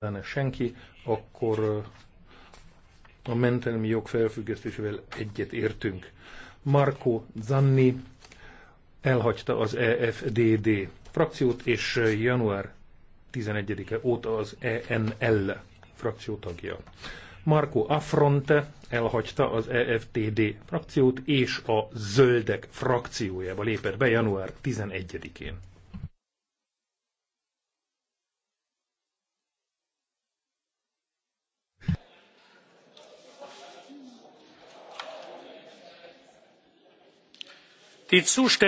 lenne senki, akkor a mentelmi jog felfüggesztésével egyet értünk. Marco Zanni elhagyta az EFDD frakciót, és január 11-e óta az ENL frakció tagja. Marco Affronte elhagyta az EFTD frakciót, és a Zöldek frakciójába lépett be január 11-én. die zustände